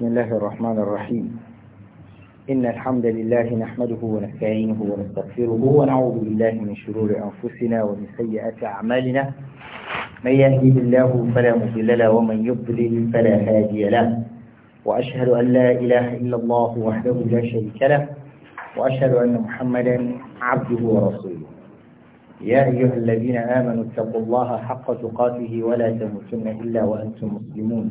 بسم الله الرحمن الرحيم إن الحمد لله نحمده ونستعينه ونستغفره ونعوذ بالله من شرور أنفسنا ومن سيئات أعمالنا من يهده الله فلا مضل له ومن يضلل فلا هادي له وأشهد أن لا إله إلا الله وحده لا شريك له وأشهد أن محمدا عبده ورسوله يا أيها الذين آمنوا اتقوا الله حق تقاته ولا تموتن إلا وأنتم مسلمون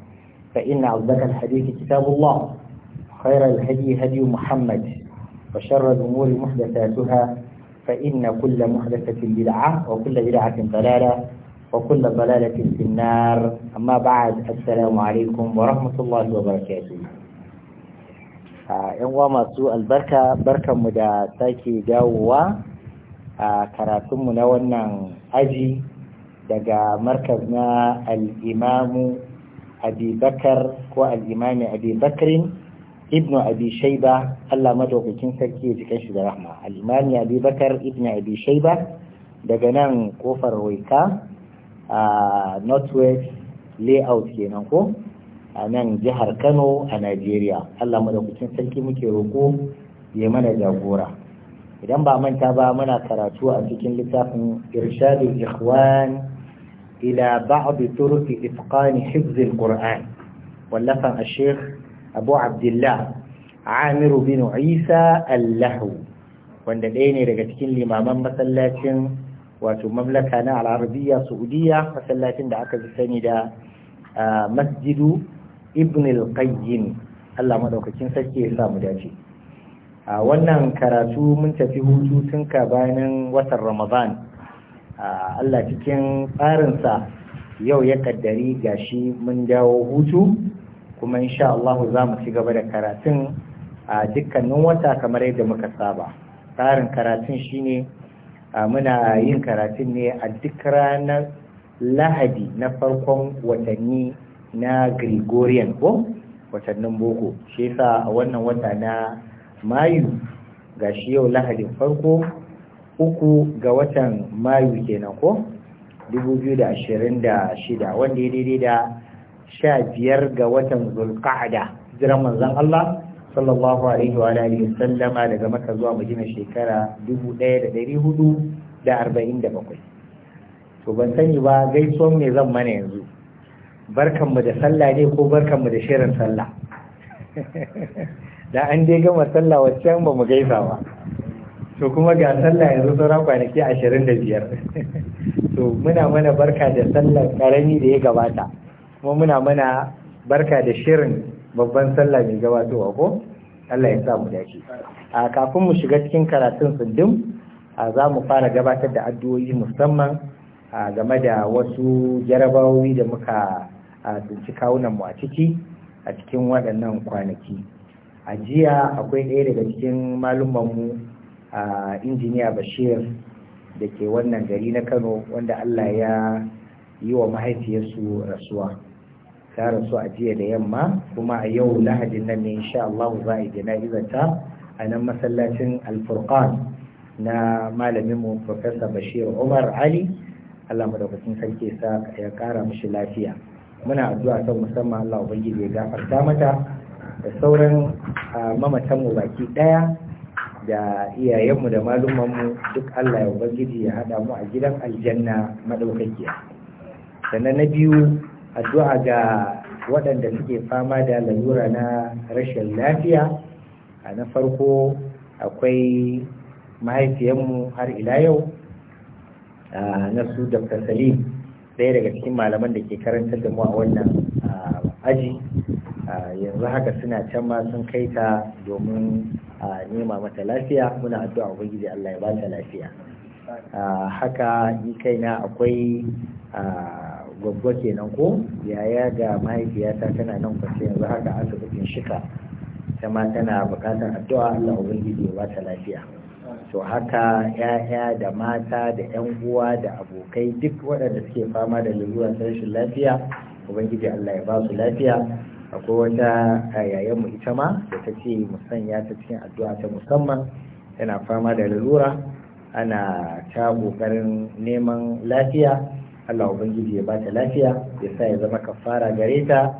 فإن أصدق الحديث كتاب الله خير الهدي هدي محمد وشر الأمور محدثاتها فإن كل محدثة بدعة وكل بدعة ضلالة وكل ضلالة في النار أما بعد السلام عليكم ورحمة الله وبركاته yan uwa masu albarka barkanmu da sake dawowa a karatunmu na wannan aji daga markaz na al'imamu abi bakar ko al'imami abi bakarin ibnu abi shaiba Allah madaukakin sarki ya jikan shi da rahma al'imami abi bakar ibnu abi shaiba daga nan kofar waika a northwest layout kenan ko a nan jihar kano a najeriya allah madaukakin sarki muke roko ya mana jagora idan ba manta ba muna karatu a cikin littafin irshadul ikhwan إلى بعض طرق إتقان حفظ القرآن واللفن الشيخ أبو عبد الله عامر بن عيسى اللهو wanda ɗaya ne daga cikin limaman masallacin wato mamlaka na al'arabiya saudiya masallacin da aka fi sani da masjidu ibn al-qayyim Allah madaukakin sarki ya samu dace a wannan karatu mun tafi hutu tun ka watan ramadan Allah cikin tsarinsa yau ya kaddari shi mun dawo hutu kuma insha Allah za mu ci gaba da karatun a dukkanin wata kamar yadda muka saba tsarin karatun shine muna yin karatun ne a duk ranar lahadi na farkon watanni na gregorian ko watannin boko shi yasa a wannan wata na mayu gashi yau lahadin farko uku ga watan mayu kenan ko 2026 wanda ya daidai da sha biyar ga watan zulqa'ada jiran manzan Allah sallallahu alaihi wa alihi sallama daga Makka zuwa Madina shekara 1447 to ban sani ba gaisuwan me zan mana yanzu barkanmu da sallah ne ko barkan mu da shirin sallah da an dai gama sallah waccan ba mu gaisa ba to kuma ga sallah yanzu sauran kwanaki ashirin da biyar to muna mana barka da sallar karami da ya gabata kuma muna mana barka da shirin babban sallah mai gabatowa ko Allah ya sa mu dace a kafin mu shiga cikin karatun a za mu fara gabatar da addu'o'i musamman a game da wasu jarabawoyi da muka tunci kawunan mu a ciki a cikin waɗannan kwanaki a jiya akwai ɗaya daga cikin malumanmu a injiniya bashir da ke wannan gari na kano wanda allah ya yi wa mahaifiyarsu rasuwa ta rasu a jiya da yamma kuma a yau lahadin nan ne insha Allahu za a jana'izar ta a nan masallacin alfurqan na malaminmu professor bashir umar ali Allah madaukakin sarki sa ya kara mishi lafiya muna addu'a kan musamman Allah ubangiji ya gafarta mata da sauran mamatanmu baki daya da iyayenmu da malumanmu duk Allah ya ubangiji ya hada mu a gidan aljanna madaukakiya sannan na biyu addu'a ga waɗanda suke fama da lalura na rashin lafiya a na farko akwai mahaifiyanmu har ila yau na su dr salim ɗaya daga cikin malaman da ke karantar da mu a wannan aji yanzu haka suna can ma sun kai ta domin nema mata lafiya muna addu'a ubangiji Allah ya ba ta lafiya haka ni kaina akwai gwaggwa kenan ko yaya ga mahaifiyata tana nan kwace yanzu haka asibitin shika ta ma tana bukatar addu'a Allah ubangiji ya ba ta lafiya to haka ya'ya da mata da 'yan uwa da abokai duk waɗanda suke fama da lalura ta rashin lafiya ubangiji Allah ya ba su lafiya akwai wata yayan mu ita ma da ta ce mu sanya ta cikin addu'a ta musamman tana fama da lalura ana ta kokarin neman lafiya Allah ubangiji ya bata lafiya ya sa ya zama kafara gare ta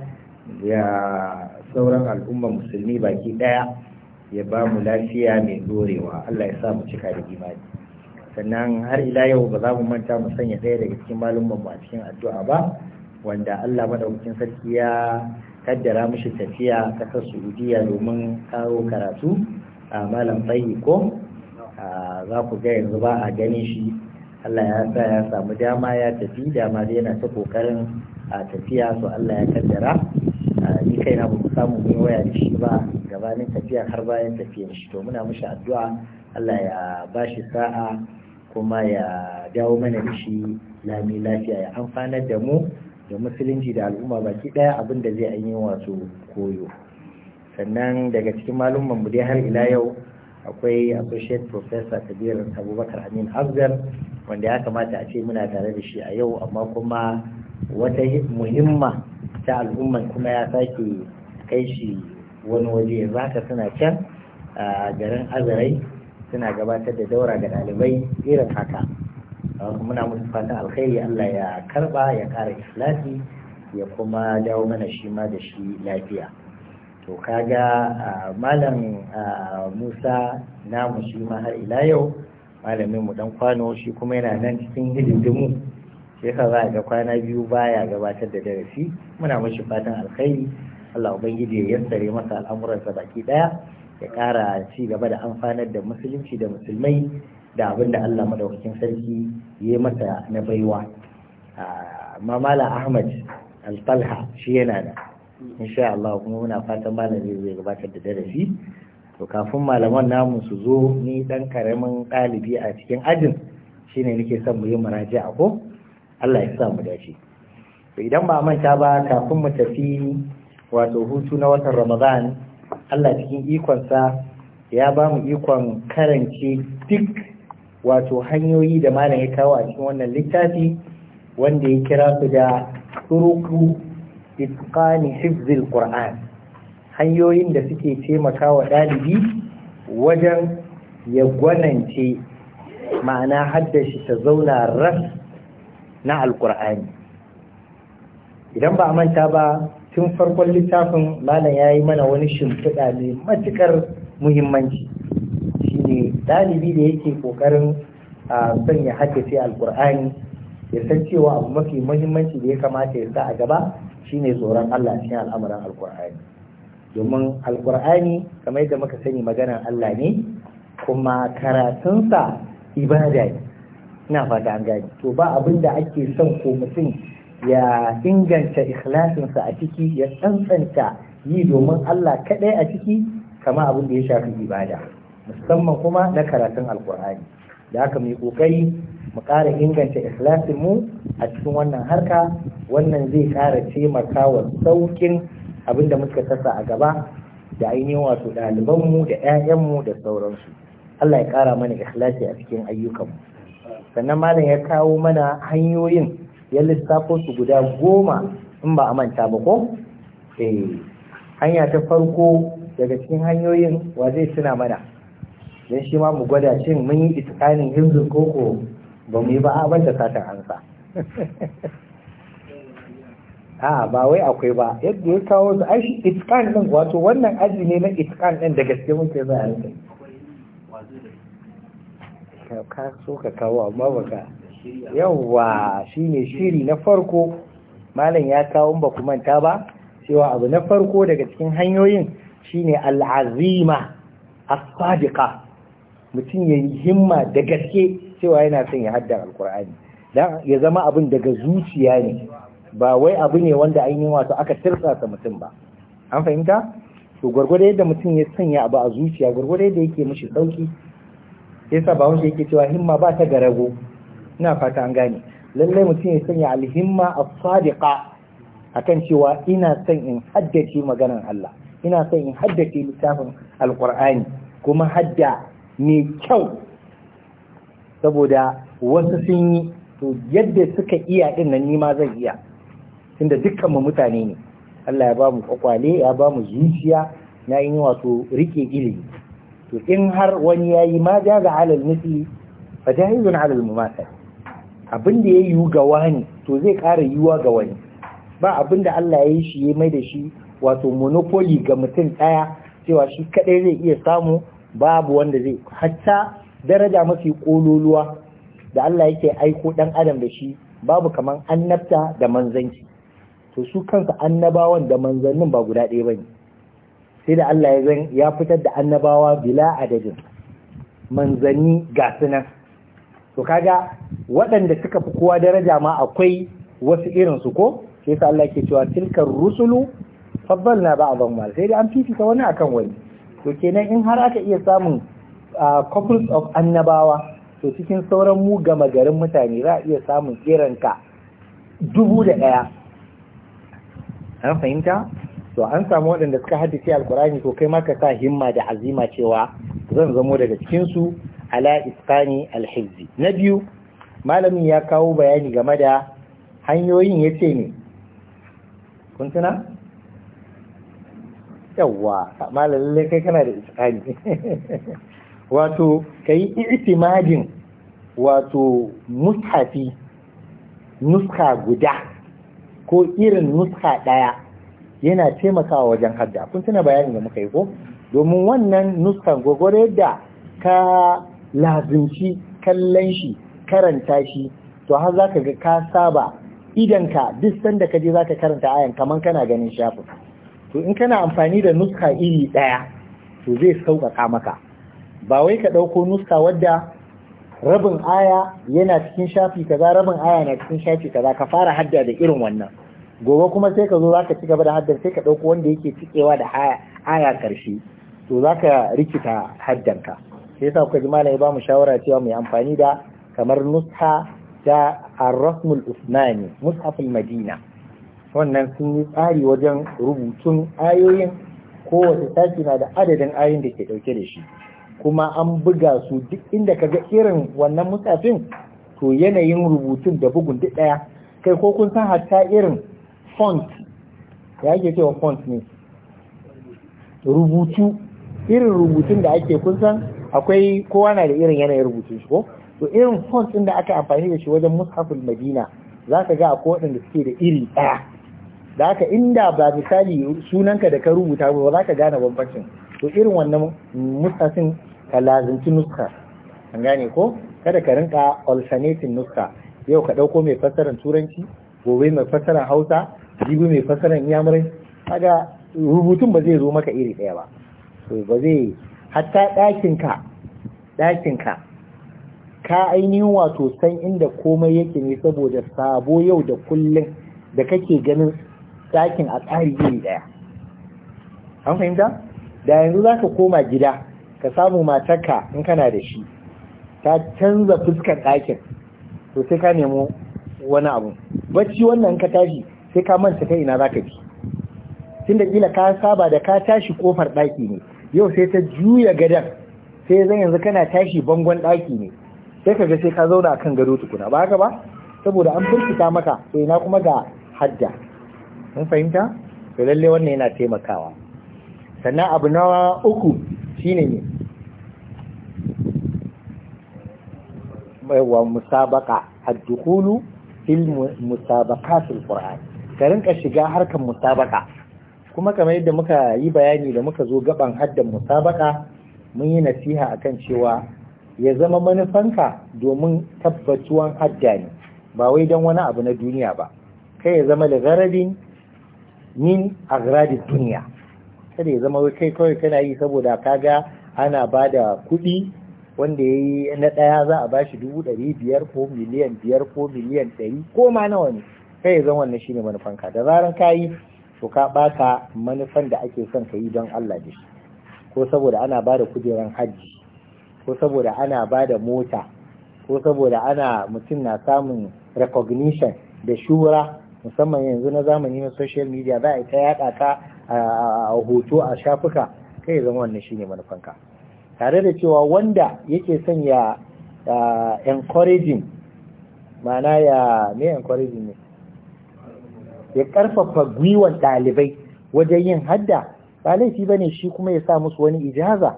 ya sauran al'ummar musulmi baki daya ya ba mu lafiya mai dorewa Allah ya sa mu cika da imani sannan har ila yau ba za mu manta mu sanya ɗaya daga cikin malumman mu a cikin addu'a ba wanda Allah madaukakin sarki ya kaddara mishi tafiya kasar saudiya domin kawo karatu a malam tsayi ko za ku ga yanzu ba a ganin shi allah ya sa ya samu dama ya tafi dama dai yana ta kokarin a tafiya so allah ya kaddara ni kaina na ku samu mai waya da shi ba gabanin tafiya har bayan tafiyan shi to muna mishi addu'a allah ya bashi sa'a kuma ya dawo mana da shi lami lafiya ya amfanar da mu da musulunci da al'umma baki ɗaya abin da zai an yi wasu koyo sannan daga cikin malumman mu dai har ila yau akwai associate professor kabir abubakar amin afzal wanda ya kamata a ce muna tare da shi a yau amma kuma wata muhimma ta al'umman kuma ya sake kai shi wani waje za ka suna can a garin azarai suna gabatar da daura ga ɗalibai irin haka muna musu fatan alkhairi Allah ya karba ya kara islafi ya kuma dawo mana shi ma da shi lafiya to kaga malam Musa namu shi ma har ila yau malamin mu dan kwano shi kuma yana nan cikin hidindimu sai ka za ga kwana biyu baya gabatar da darasi muna mashi fatan alkhairi Allah ubangiji ya yassare masa al'amuransa baki daya ya kara ci gaba da amfanar da musulunci da musulmai da abin da Allah madaukakin sarki ya masa na baiwa amma mala ahmad alfalha shi yana da insha Allah kuma muna fatan malam zai gabatar da darasi to kafin malaman namu su zo ni dan karamin ɗalibi a cikin ajin shine nake son mu yi muraja a ko Allah ya sa mu dace to idan ba manta ba kafin mu tafi wato hutu na watan Ramadan Allah cikin ikonsa ya ba mu ikon karance duk wato hanyoyi da malam ya kawo a cikin wannan littafi wanda ya kira su da turuku itqani hifzil qur'an hanyoyin da suke taimakawa ɗalibi wajen ya gwanance ma'ana haddashi ta zauna ras na alkur'ani idan ba a manta ba tun farkon littafin malam ya yi mana wani shimfiɗa mai matuƙar muhimmanci Dalibi da yake ƙoƙarin son ya haddace alkur'ani ya san cewa abu mafi muhimmanci da ya kamata ya sa a gaba shine tsoron Allah cikin al'amuran alkur'ani domin alƙur'ani kamar yadda muka sani maganar Allah ne kuma karatunsa ibada ne ina fata an gani to ba abin da ake son ko mutum ya inganta ikhlasinsa a ciki ya tsantsanta yi domin Allah kaɗai a ciki kama abin da ya shafi ibada musamman kuma na karatun alkur'ani da haka mai kokari mu ƙara inganta ikhlasin mu a cikin wannan harka wannan zai ƙara taimakawa saukin abin da muka sassa a gaba da ainihin wato ɗalibanmu da 'ya'yanmu da sauransu Allah ya ƙara mana ikhlasi a cikin ayyukanmu sannan malam ya kawo mana hanyoyin ya lissafo su guda goma in ba a manta ba ko eh hanya ta farko daga cikin hanyoyin wa zai tuna mana don shi ma mu gwada cin mun yi itikanin himzin koko ba mu yi ba a banta satan ansa a ba wai akwai ba yadda ya kawo su ai shi itkan din wato wannan aji ne na itikan din da gaske muke za a rinka ka so ka kawo amma baka yawwa shine shiri na farko malam ya kawo ba ku manta ba cewa abu na farko daga cikin hanyoyin shine al'azima as-sadiqa mutum ya yi himma da gaske cewa yana son ya hadda alkur'ani dan ya zama abin daga zuciya ne ba wai abu ne wanda ainihin wato aka tirsasa mutum ba an fahimta to gwargwado yadda mutum ya sanya abu a zuciya gwargwado yadda yake mishi sauki yasa ba wanda yake cewa himma ba ta garago ina fata an gane lallai mutum ya sanya alhimma as-sadiqa akan cewa ina son in haddace maganar Allah ina son in haddace littafin alqur'ani kuma hadda mai kyau saboda wasu sun yi to yadda suka iya din nan nima zan iya tunda dukkanmu mutane ne Allah ya ba mu kwakwale ya ba mu zuciya na yi wato rike ilimi to in har wani ya yi ma ja ga alal misli fa jahizun alal mumasal abin da ya yiwu ga wani to zai ƙara yiwuwa ga wani ba abin da Allah ya yi shi ya mai da shi wato monopoly ga mutum ɗaya cewa shi kaɗai zai iya samu babu wanda zai hatta daraja mafi kololuwa da Allah yake aiko dan adam da shi babu kaman annabta da manzanci to su kansa annabawan da manzannin ba guda ɗaya bane sai da Allah ya zan ya fitar da annabawa bila adadin manzanni ga sunan to kaga waɗanda suka fi kowa daraja ma akwai wasu irin su ko sai sa Allah ke cewa tilkar rusulu faddalna ba'dhum sai da an fifita wani akan wani to kenan in har aka iya samun couples of annabawa to cikin sauran mu gama garin mutane za iya samun kiranka dubu da ɗaya an fahimta to an samu waɗanda suka haddace alkurani ko kai maka sa himma da azima cewa zan zamo daga cikinsu ala iskani alhizzi na biyu malamin ya kawo bayani game da hanyoyin ya ce ne kuntuna yawwa amma lalle kai kana da iskani wato kai i'timadin wato mushafi nuska guda ko irin nuska daya yana taimakawa wajen hadda kun tuna bayanin da muka yi ko domin wannan nuskan gogore yadda ka lazimci kallon shi karanta shi to har zaka ga ka saba idan ka duk sanda ka je zaka karanta ayan kaman kana ganin shafin to in kana amfani da nuska iri ɗaya to zai sauƙaƙa maka ba wai ka ɗauko nuska wadda rabin aya yana cikin shafi kaza rabin aya na cikin shafi kaza ka fara hadda da irin wannan gobe kuma sai ka zo za ka ci gaba da haddar sai ka ɗauko wanda yake cikewa da aya karshe to za ka rikita haddanka sai yasa kuka ji malam ya ba mu shawara cewa mu yi amfani da kamar nuska ta arrasmul usmani mushaful madina wannan sun yi tsari wajen rubutun ayoyin kowace sashi na da adadin ayoyin da ke dauke da shi kuma an buga su duk inda ka ga irin wannan musafin to yanayin rubutun da bugun duk daya kai ko kun san hatta irin font ya ke cewa font ne rubutu irin rubutun da ake kun san akwai kowa na da irin yanayin rubutun shi ko to irin font din da aka amfani da shi wajen mushafin madina za ka ga akwai waɗanda suke da iri ɗaya da haka inda ba misali sunanka da ka rubuta ba za ka gane bambancin to irin wannan mutasin ka lazimci nuska an gane ko kada ka rinka alternating nuska yau ka ɗauko mai fassarar turanci gobe mai fassarar hausa jibi mai fassarar yamurai kaga rubutun ba zai zo maka iri ɗaya ba to ba zai hatta ɗakinka ɗakinka ka ainihin wato san inda komai yake ne saboda sabo yau da kullum da kake ganin ɗakin a tsari iri ɗaya an fahimta da yanzu za ka koma gida ka samu matarka in kana da shi ta canza fuskar ɗakin to sai ka nemo wani abu bacci wannan ka tashi sai ka manta ta ina za ka ji tun da kila ka saba da ka tashi kofar ɗaki ne yau sai ta juya gadon sai zan yanzu kana tashi bangon ɗaki ne sai ka ga sai ka zauna kan gado tukuna ba haka ba saboda an firkita maka to ina kuma ga hadda mun fahimta to lalle wannan yana taimakawa sannan abu na uku shine ne wa musabaka ad-dukhulu fil musabaqatil qur'an ka rinka shiga harkan musabaka kuma kamar yadda muka yi bayani da muka zo gaban haddan musabaka mun yi nasiha akan cewa ya zama manufanka domin tabbatuwan hadda ne ba wai don wani abu na duniya ba kai ya zama da garabin min agradi duniya kada ya zama wai kai kawai kana yi saboda kaga ana ba da kuɗi wanda ya yi na ɗaya za a bashi dubu ɗari biyar ko miliyan biyar ko miliyan ɗari ko ma nawa ne kai ya zama wannan shine manufanka da zaran ka yi to ka ɓata manufan da ake son ka yi don Allah da shi ko saboda ana ba da kujeran hajji ko saboda ana ba da mota ko saboda ana mutum na samun recognition da shura musamman yanzu na zamani na social media za a yi ta yaɗa ka a hoto a shafuka kai zama wannan shine manufanka tare da cewa wanda yake son ya encouraging ma'ana ya me encouraging ne ya ƙarfafa gwiwan ɗalibai wajen yin hadda ba laifi bane shi kuma ya sa musu wani ijaza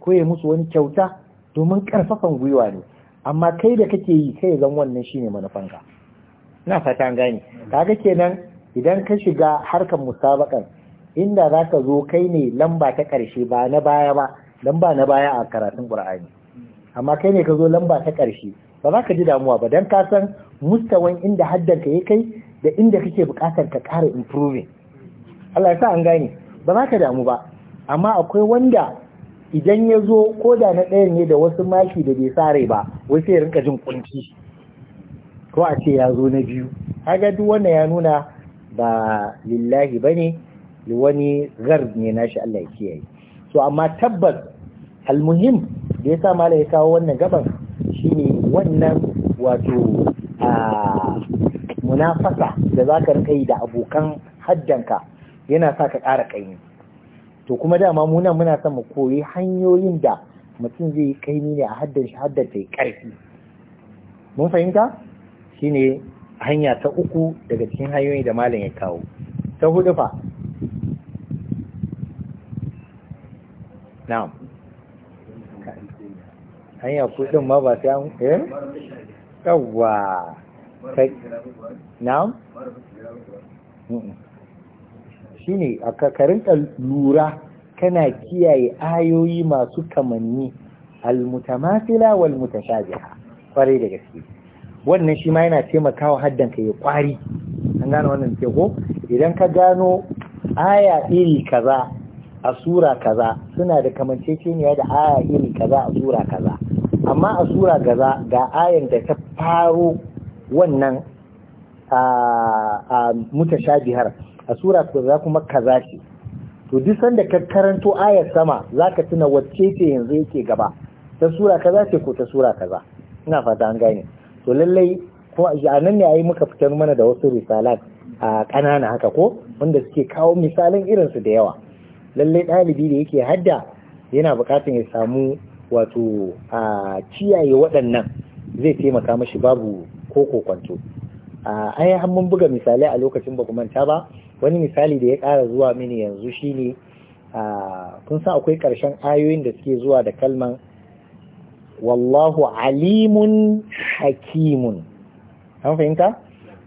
ko ya musu wani kyauta domin karfafan gwiwa ne amma kai da kake yi kai zan wannan shine manufanka na fatan gani kaga kenan idan ka shiga harkar musabakan inda za ka zo kai ne lamba ta ƙarshe ba na baya ba lamba na baya a karatun ƙur'ani amma kai ne ka zo lamba ta ƙarshe ba za ka ji damuwa ba don ka san mustawan inda haddan ka ya kai da inda kake buƙatar ka ƙara improving Allah ya sa an gane ba za ka damu ba amma akwai wanda idan ya zo ko da na ɗayan ne da wasu maki da bai sare ba wai sai ya rinka jin kunci ko a ce ya zo na biyu kaga duk wannan ya nuna ba lillahi bane wani gard ne nashi Allah ya kiyaye so amma tabbas almuhim da yasa malai ya kawo wannan gaban shine wannan wato a munafasa da zaka rika yi da abokan haddanka yana sa ka ƙara kaini to kuma dama mu nan muna son mu koyi hanyoyin da mutum zai kaini ne a haddan shi haddan ta ƙarfi mun fahimta shine hanya ta uku daga cikin hanyoyi da malam ya kawo ta hudu fa na'am hanya kudin ma ba sai an eh yawa na'am shine a kakarin lura kana kiyaye ayoyi masu kamanni al-mutamathila wal mutashabiha kwarai da gaske wannan shi ma yana taimakawa haddan ka ya kwari an gane wannan ke idan ka gano aya iri kaza a sura kaza suna da kamanceceniya da aya iri kaza a sura kaza amma a sura kaza ga ayan da ta faro wannan a mutashabihar a sura kaza kuma kaza ce to duk sanda ka karanto ayar sama zaka tuna wacce ce yanzu yake gaba ta sura kaza ce ko ta sura kaza ina fata an gane to lallai ko a nan ne a yi muka fitar mana da wasu risalat a ƙanana haka ko wanda suke kawo misalin irinsu da yawa lallai ɗalibi da yake hadda yana buƙatar ya samu wato a ciyaye waɗannan zai taimaka mashi babu ko kokonto a ai mun buga misalai a lokacin ba manta ba wani misali da ya ƙara zuwa mini yanzu shine kun san akwai ƙarshen ayoyin da suke zuwa da kalman wallahu alimun hakimun an fahimta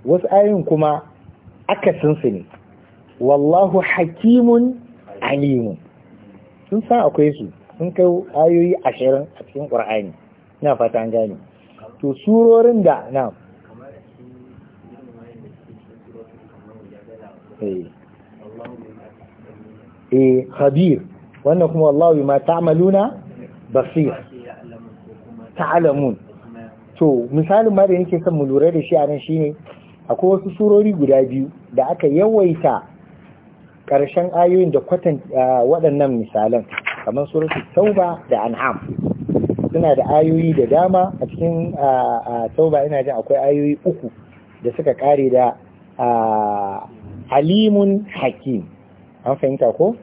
wasu ayoyin kuma akasinsu ne wallahu hakimun alimun sun san akwai su sun kai ayoyi ashirin a cikin ƙur'ani na fata gani. to surorin da na eh, eh khabir wannan kuma wallahu ma ta'maluna basir ta'alamun to misalin ma da nake son mu lura da shi a nan shine akwai wasu surori guda biyu da aka yawaita karshen ayoyin da kwatan waɗannan misalan kamar suratul tauba da an'am suna da ayoyi da dama a cikin tauba ina jin akwai ayoyi uku da suka kare da alimun hakim an fahimta ko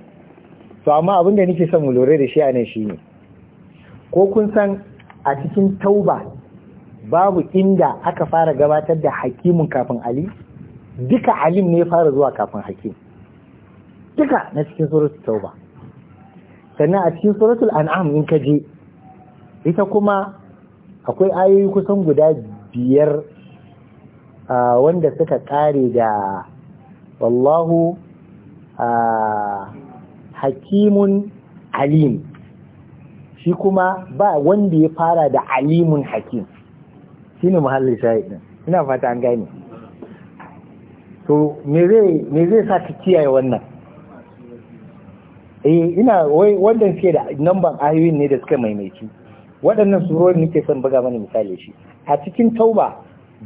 to amma abin da nake son mu lura da shi a nan shine ko kun san a cikin tauba babu inda aka fara gabatar da hakimun kafin ali duka alim ne fara zuwa kafin hakim duka na cikin suratul tauba sannan a cikin suratul an'am in ka je ita kuma akwai ayoyi kusan guda biyar wanda suka kare da wallahu hakimun alim shi kuma ba wanda ya fara da alimun hakim shi ne muhalli shahidin ina fata an gane to me zai sa ka kiyaye wannan eh ina wanda suke da namban ayoyin ne da suka maimaici waɗannan surorin nake son buga mana misali shi a cikin tauba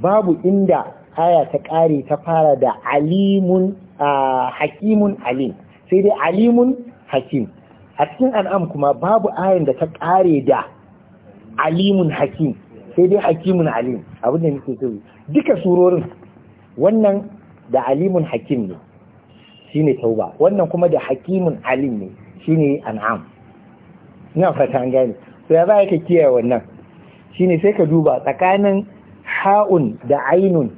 babu inda aya ta ƙare ta fara da alimun ah, hakimun alim sai dai alimun hakim a cikin an'am kuma babu ayin da ta ƙare da alimun hakim sai dai hakimun alim abin da nake so duka surorin wannan da alimun hakim ne shine tauba wannan kuma da hakimun alim ne shine an'am ina fata an gane to ya ka kiyaye wannan shine sai ka duba tsakanin ha'un da ainun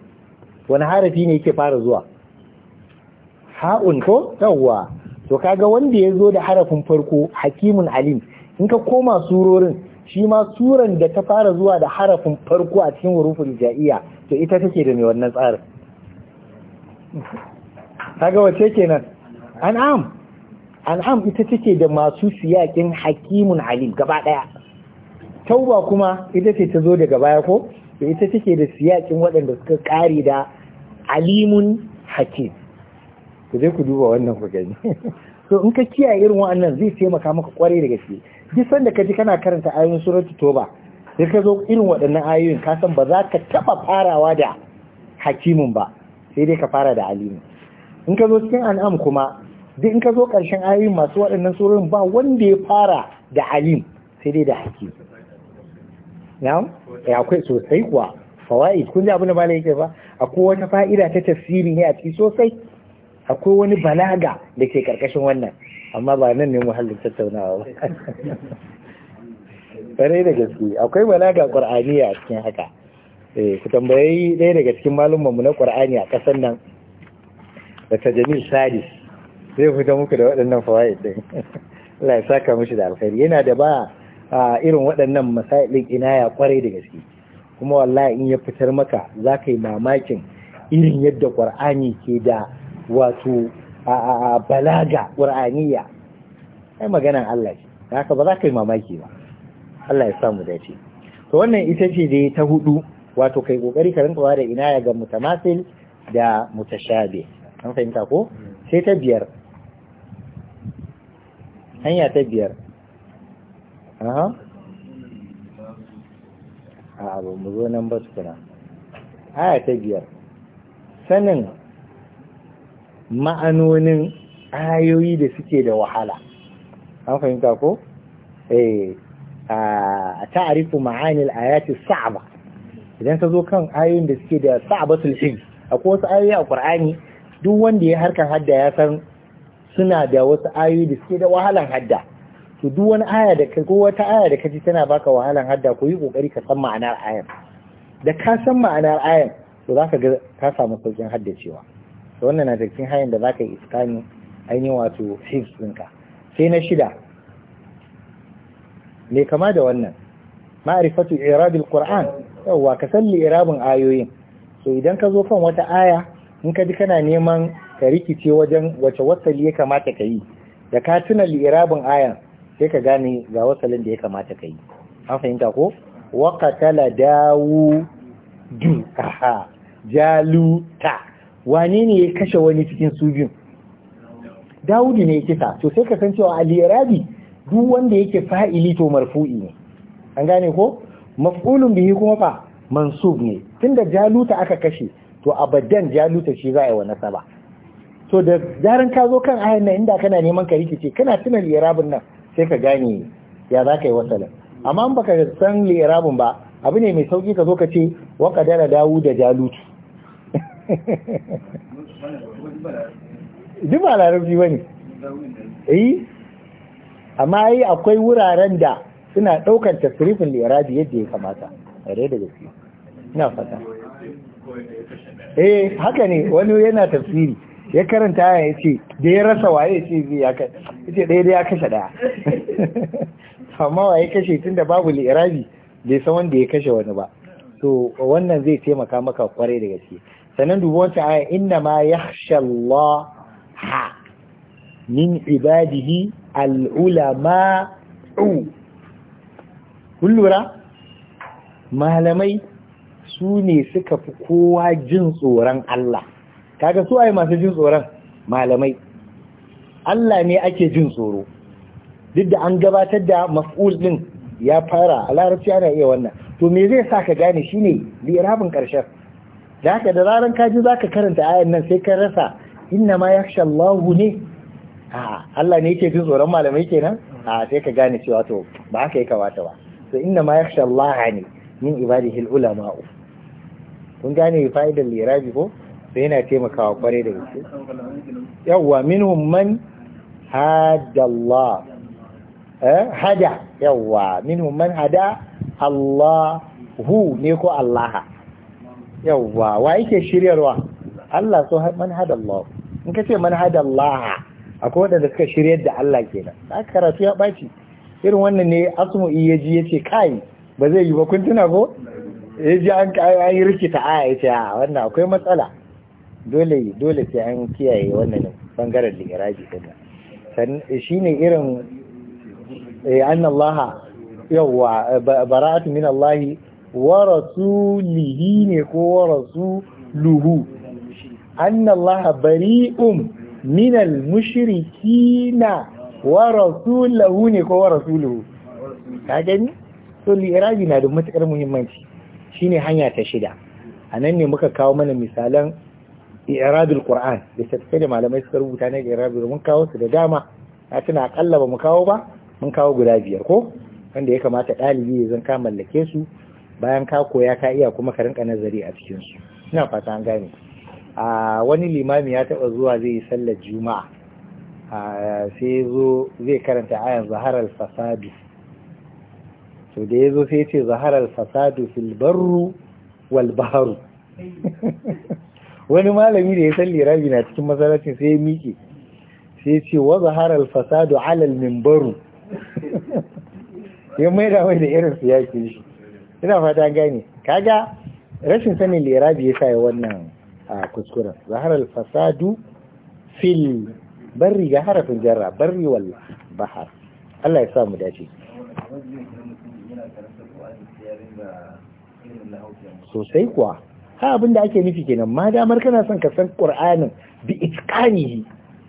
wani harafi ne yake fara zuwa ha'un ko yawwa to kaga wanda ya zo da harafin farko hakimun alim in ka koma surorin shi ma suran da ta fara zuwa da harafin farko a cikin hurufin ja'iya to ita take da mai wannan tsarin kaga wace kenan an'am an'am ita take da masu siyakin hakimun alim gaba daya tauba kuma ita ce ta zo daga baya ko ita take da siyakin waɗanda suka kare da alimun hakim ku je ku duba wannan ku gani so in ka kiyaye irin wannan zai taimaka maka kwarai da gaske duk sanda ka ji kana karanta ayoyin suratul toba sai ka zo irin waɗannan ayoyin ka san ba za ka taɓa farawa da hakimin ba sai dai ka fara da alimi in ka zo cikin an'am kuma duk in ka zo ƙarshen ayoyin masu waɗannan surorin ba wanda ya fara da alim sai dai da hakim na'am eh akwai sosai kuwa fawaid kun ji abin da ba yake ba akwai wata fa'ida ta tafsiri ne a ciki sosai akwai wani balaga da ke karkashin wannan amma ba nan ne muhallin tattaunawa ba bare da gaske akwai balaga qur'aniya a cikin haka eh ku tambayi ɗaya daga cikin mu na qur'ani a ƙasar nan da jami sadis zai fita muku da waɗannan fawaid din Allah ya saka mishi da alkhairi yana da ba a irin waɗannan masailin ya kwarai da gaske kuma wallahi in ya fitar maka zaka yi mamakin irin yadda qur'ani ke da wato a balaga ƙur'aniya ai maganan Allah ce haka ba za ka yi mamaki ba Allah ya samu dace to wannan ita ce dai ta hudu wato kai kokari ka rinka da ina ya ga mutamasil da mutashabi an fahimta ko sai ta biyar hanya ta biyar aha a abu mu zo nan ba tukuna aya ta biyar sanin ma'anonin ayoyi da suke da wahala an fahimta ko eh a ta'arifu ma'anil ayati Sa'aba, idan ka zo kan ayoyin da suke da Sa'aba sulhin, akwai wasu ayoyi a Qur'ani duk wanda ya harkar hadda ya san suna da wasu ayoyi da suke da wahalan hadda to duk wani aya da ko wata aya da kaji tana baka wahalan hadda ko yi kokari ka san ma'anar a'yan, da ka san ma'anar a'yan to zaka ga ka samu saukin haddacewa to wannan na cikin hanyar da za ka yi iskani ainihin wato hifz ɗinka sai na shida mai kama da wannan ma'rifatu irabil qur'an yawa ka san irabin ayoyin so idan ka zo kan wata aya in ka ji kana neman ka rikice wajen wace wasali ya kamata ka yi da ka tuna irabin ayan sai ka gane ga wasalin da ya kamata ka yi an fahimta ko wa qatala dawu du aha jaluta wane ne ya kashe wani cikin su biyun dawudu ne ya kisa to sai ka san cewa alirabi duk wanda yake fa'ili to marfu'i ne an gane ko maf'ulun bihi kuma fa mansub ne tunda jaluta aka kashe to abadan jaluta shi za a yi wa nasaba to da zaran ka zo kan ayan nan inda kana neman ka rikice kana tuna lirabin nan sai ka gane ya za ka yi wasalan amma in baka san lirabin ba abu ne mai sauki ka zo ka ce wa kadara dawu da jalutu duk ba larabci ba ne eh amma yi akwai wuraren da suna ɗaukar tasirifin lirabi yadda ya kamata a rai da gaske ina fata eh haka ne wani yana tafsiri ya karanta ya ce da ya rasa waye ce zai ya kashe ce ɗaya da ya kashe ɗaya amma waye kashe tun da babu lirabi bai san wanda ya kashe wani ba to wannan zai taimaka maka kwarai da gaske sannan duba wata aya inna ma yakhsha Allah min ibadihi al'ulama'u. kun lura malamai su ne suka fi kowa jin tsoron Allah kaga su ai masu jin tsoron malamai Allah ne ake jin tsoro duk da an gabatar da mas'ul din ya fara a larabci ana iya wannan to me zai sa ka gane shine lirabin ƙarshen. da haka da ranar kaji za ka karanta ayan nan sai ka rasa inna ma yakhsha Allahu ne a Allah ne yake jin tsoron malamai kenan a sai ka gane cewa to ba haka ya kamata ba to inna ma yakhsha Allah ne min ibadihi ulama kun gane fa'idar lirabi ko sai yana taimakawa kware da gaske yawwa minhum man hada Allah eh, hada yawwa minhum man hada Allah hu ne ko Allah yawwa wa yake shiryarwa Allah so man Allah in ka ce man hada Allah akwai wanda suka shiryar da Allah kenan za ka karatu ya baci irin wannan ne asmu iyaji ji yace kai ba zai yi ba kun tuna ko ya ji an an yi rikita a ya ce a wannan akwai matsala dole dole sai an kiyaye wannan bangaren ligaraji din eh, shine irin eh annallaha yawwa bara'atu min Allah Warasu lihi ne ko luhu rasuluhu annallaha bari'um minal mushrikina warasu lahu ne ko warasu luhu. ka gani so iradi na da matukar muhimmanci shine hanya ta shida A nan ne muka kawo mana misalan i'rabil qur'an da tafiye da malamai suka rubuta na iradi mun kawo su da dama na tuna akalla ba mu kawo ba mun kawo guda biyar ko wanda ya kamata ɗalibi ya zan ka mallake su bayan ka koya ka iya kuma ka rinka nazari a cikin su ina fata an gane a wani limami ya taba zuwa zai yi sallar juma'a sai zo zai karanta ayan zaharar fasadu to da ya zo sai ce zaharar fasadu fil barru wal baharu wani malami da ya san lirabi na cikin masalacin sai ya miƙe sai ce wa zaharar fasadu alal mimbaru ya maida mai da irin su yaƙi shi ina fata gane kaga rashin sanin lirabi ya sa wannan a kuskuren zaharar fasadu fil barri ga harafin jarra barri wal bahar Allah ya sa mu dace sosai kuwa ha abinda ake nufi kenan ma damar kana son ka san qur'anin bi itqanihi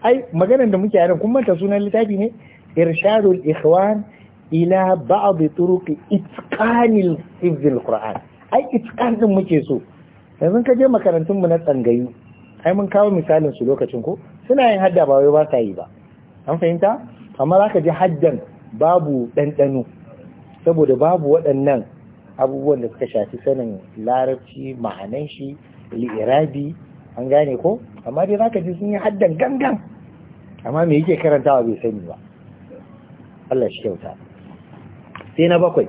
ai maganar da muke yaran kun manta sunan littafi ne irshadul ikhwan ila ba'adu turuki itqanil hifzil qur'an ai itqan din muke so yanzu ka je makarantun mu na tsangayu ai mun kawo misalin su lokacin ko suna yin hadda ba wai ba sa yi ba an fahimta amma zaka ji haddan babu ɗanɗano saboda babu waɗannan abubuwan da suka shafi sanin larabci ma'anan shi li'irabi an gane ko amma dai zaka ji sun yi haddan gangan amma me yake karantawa bai sani ba Allah shi kyauta sai na bakwai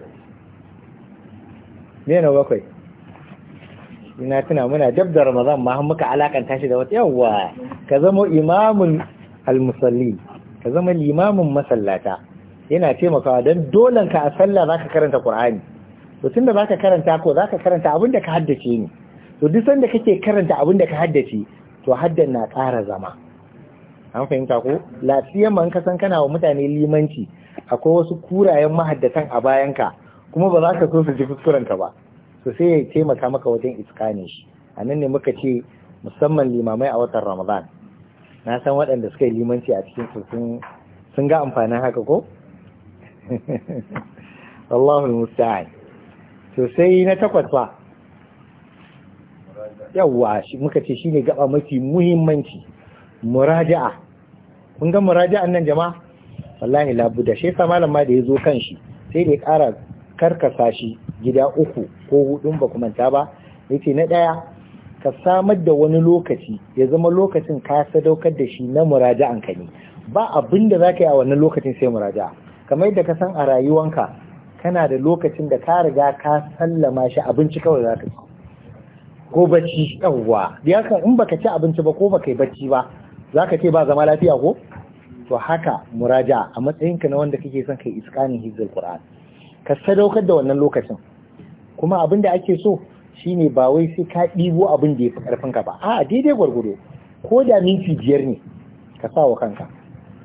ne na bakwai ina tuna muna dab da ramadan ma har muka alakanta shi da wata yawa ka zama imamun almusalli ka zama limamin masallata yana taimakawa don dolan ka a sallah zaka karanta qur'ani to tunda zaka karanta ko zaka karanta abin da ka haddace ne to duk sanda kake karanta abin da ka haddace to haddan na ƙara zama an fahimta ko lafiyar man ka san kana wa mutane limanci akwai wasu kurayen mahaddatan a bayan ka kuma ba za ka so su ji kuskurenka ba to sai ya taimaka maka wajen iskani shi a nan ne muka ce musamman limamai a watan ramadan na san waɗanda suka yi limanci a cikin su sun ga amfanin haka ko Allahu musta'an to sai na takwas ba yawa muka ce shine gaba mafi muhimmanci muraja'a kun ga muraja'an nan jama'a wallahi labuda shi yasa malam da ya zo kan shi sai da ya ƙara karkasa shi gida uku ko hudun ba manta ba yace na ɗaya ka samar da wani lokaci ya zama lokacin ka sadaukar da shi na muraja'an ka ne ba abin da zaka yi a wannan lokacin sai muraja'a kamar yadda ka san a rayuwanka kana da lokacin da ka riga ka sallama shi abinci kawai zaka ci ko bacci yawwa da in baka ci abinci ba ko baka yi bacci ba zaka ce ba zama lafiya ko to haka muraja a matsayinka na wanda kake son kai iskanin hizbul qur'an ka sadaukar da wannan lokacin kuma abin da ake so shine ba wai sai ka ɗibo abin da ya karfin ka ba a daidai gwargwado ko da minti biyar ne ka sa wa kanka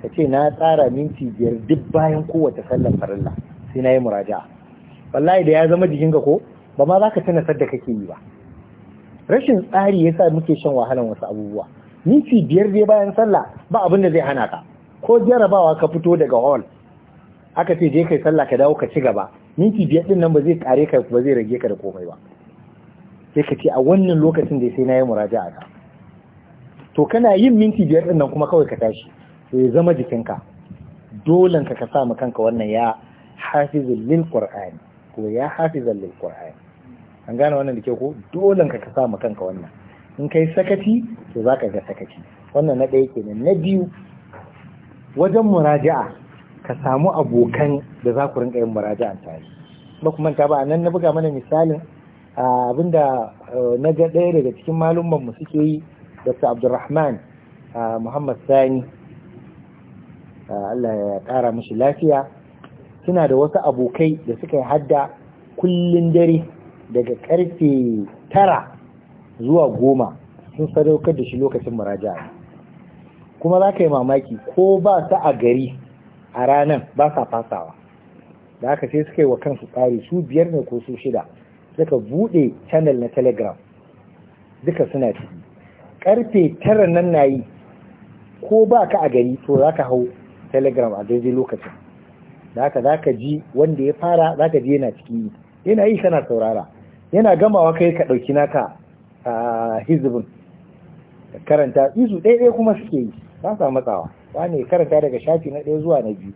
ka ce na tsara minti biyar duk bayan kowace sallar farilla sai na yi muraja wallahi da ya zama jikinka ko ba ma za ka sadda da kake yi ba rashin tsari yasa muke shan wahalan wasu abubuwa minti biyar dai bayan sallah ba abin da zai hana ka ko jarabawa ka fito daga hall aka ce je kai sallah ka dawo ka ci gaba minti biyar din nan ba zai kare ka ba zai rage ka da komai ba sai ka ce a wannan lokacin da sai na yi muraja'a ka, to kana yin minti biyar din nan kuma kawai ka tashi to ya zama jikinka dolen ka ka sa ma kanka wannan ya hafizul lil qur'an ko ya hafizul lil qur'an an gane wannan da ke ko dolen ka ka sa ma kanka wannan in kai sakaci to zaka ga sakaci wannan na ɗaya kenan na biyu wajen muraja'a ka samu abokan da za ku rinka yin muraja'a tare ba kuma ta ba nan na buga mana misalin abinda na ga ɗaya daga cikin malumman mu suke yi su abdurrahman Muhammad Sani Allah ya ƙara mashi lafiya suna da wasu abokai da suka yi hadda kullum dare daga karfe tara zuwa goma sun sadaukar da shi lokacin muraja'a kuma za ka yi mamaki ko ba ta a gari a ranar ba sa fasawa da aka ce suka yi wa kansu tsari su biyar ne ko su shida suka buɗe channel na telegram duka suna ciki karfe tara nan na yi ko ba ka a gari to za ka hau telegram a daidai lokacin da aka za ka ji wanda ya fara za ka ji yana ciki yana yi kana saurara yana gamawa kai ka ɗauki naka a ah, hizibin karanta izu ɗaya kuma suke yi ba sa matsawa ne karanta daga shafi na ɗaya zuwa na biyu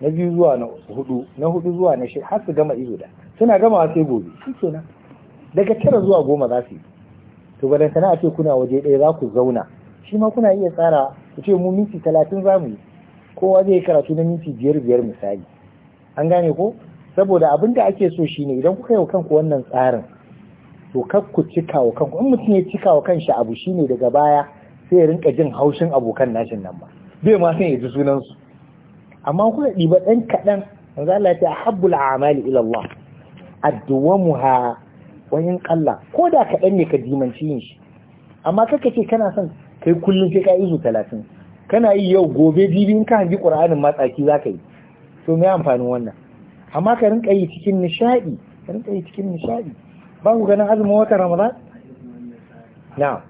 na biyu zuwa na hudu na hudu zuwa na shida har su gama izo da suna gamawa sai gobe shi kenan daga tara zuwa goma za su yi to ba dan a ce kuna waje ɗaya za ku zauna shi ma kuna iya tsara ku ce mu minti talatin za mu yi kowa zai yi karatu na minti biyar biyar misali an gane ko saboda abin da ake so shine idan kuka yi wa kanku wannan tsarin to kar ku cika wa kanku in mutum ya cika wa kanshi abu shine daga baya sai rinka jin haushin abokan nashin nan ba bai ma san ya ji sunansu amma kuka ba ɗan kaɗan manzo Allah ya ce ahabbul a'mali ila Allah wa wayin qalla ko da kaɗan ne ka dimanci yin shi amma kaka ce kana son kai kullum sai ka izu 30 kana yi yau gobe jibi in ka hangi qur'anin matsaki zaka yi to me amfanin wannan amma ka rinka yi cikin nishaɗi ka rinka yi cikin nishadi ba ku ganin azumin watan ramadan na'am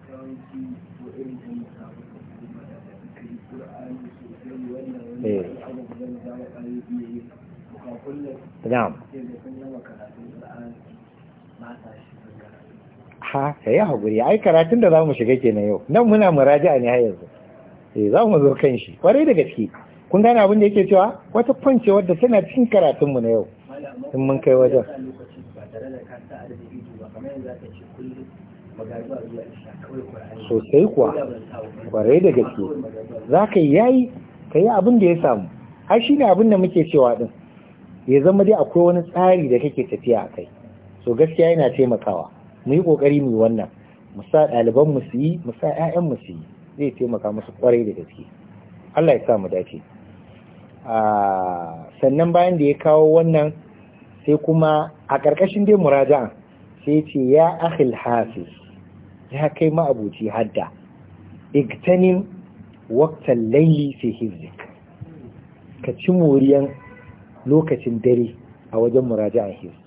Eh. na'am ha ka haƙuri ai karatun da za mu shiga kenan yau nan muna muraja ne har yanzu eh za mu zo kan shi kwarai da gaske kun gane abin da yake cewa wata kwance wadda tana cikin karatunmu na yau in mun kai wajen sosai kuwa kwarai da gaske za ka yi yayi ka yi abin da ya samu har shi ne abin da muke cewa ɗin ya zama dai akwai wani tsari da kake tafiya a kai so gaskiya yana taimakawa mu yi kokari mu yi wannan mu sa ɗaliban mu su yi mu sa ƴaƴan mu su yi zai taimaka musu kwarai da gaske Allah ya sa mu dace sannan bayan da ya kawo wannan sai kuma a ƙarƙashin dai muraja'a sai ce ya akhil hafiz ya kai ma'abuci hadda igtanin waktan laili sai hizbik ka ci moriyan lokacin dare a wajen muraja'a hizb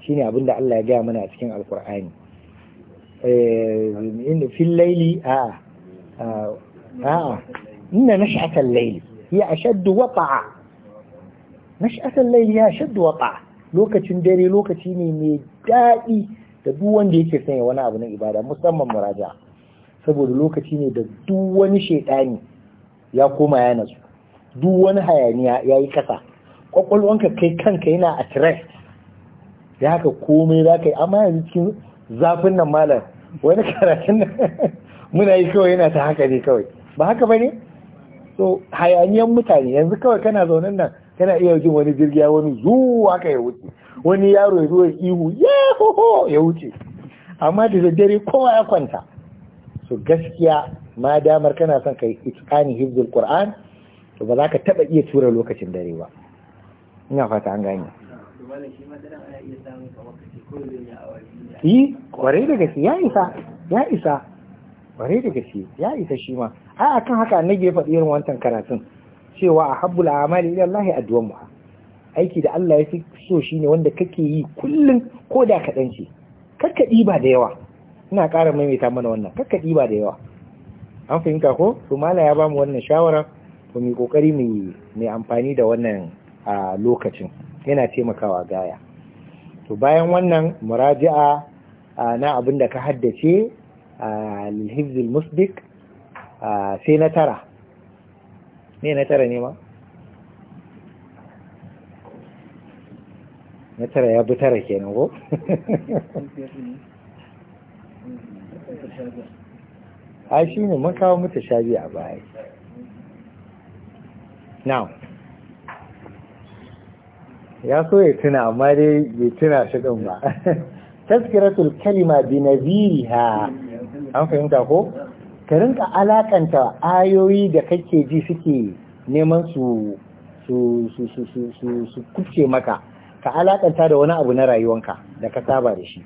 Shi ne abinda Allah ya gaya mana a cikin alkur'ani eh, in fil laili a a inna nash'atal laili hiya ashaddu wata'a nash'atal laili ya ashaddu wata'a lokacin dare lokaci ne mai daɗi da duk wanda yake sanya wani abu na ibada musamman muraja'a saboda lokaci ne da duk wani shaidani ya koma ya su duk wani hayaniya ya yi kasa kwakwalwanka kai kanka yana a tres ya haka komai za ka yi amma yanzu cikin zafin nan malam wani karatun nan muna yi kawai yana ta haka ne kawai ba haka ba ne so hayaniyan mutane yanzu kawai kana zaune nan kana iya jin wani jirgiya wani zuwa haka ya wuce wani yaro ya zo ya ihu ya ya wuce amma da daddare kowa ya kwanta so gaskiya ma damar kana son kai itqani hifzul qur'an to ba za ka taba iya tura lokacin dare ba ina fata an gane yi kware da gaske ya isa ya isa kware da gaske ya isa shi ma ai akan haka annabi ya faɗi irin wancan karatun cewa a habbul amali ila Allah addu'an mu aiki da Allah ya fi so shine wanda kake yi kullum ko da kaɗan ce karka da yawa ina ƙara maimaita mana wannan kakka ɗiba da yawa an fahimta ko to mala ya bamu wannan shawara to mai ƙoƙari mai amfani da wannan a lokacin yana taimakawa gaya to bayan wannan muraji'a na abin da ka haddace a lilhibzil musbik sai na tara ne na tara ne ma na tara ya bi tara kenan ko a shi ne mun kawo mata shabi a baya now ya so ya tuna amma dai bai tuna shi din ba taskiratul kalima bi naziriha an fahimta ko ka rinka alakanta ayoyi da kake ji suke neman su su su su su su maka ka alakanta da wani abu na rayuwanka da ka saba da shi